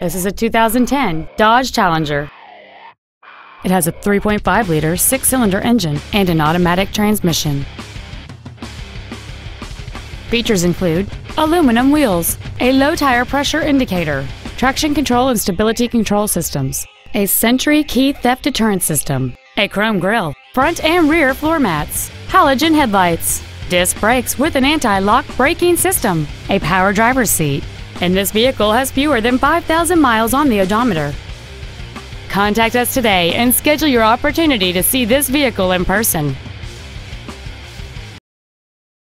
This is a 2010 Dodge Challenger. It has a 3.5-liter six-cylinder engine and an automatic transmission. Features include aluminum wheels, a low tire pressure indicator, traction control and stability control systems, a Sentry key theft deterrent system, a chrome grille, front and rear floor mats, halogen headlights, disc brakes with an anti-lock braking system, a power driver's seat, and this vehicle has fewer than 5,000 miles on the odometer. Contact us today and schedule your opportunity to see this vehicle in person.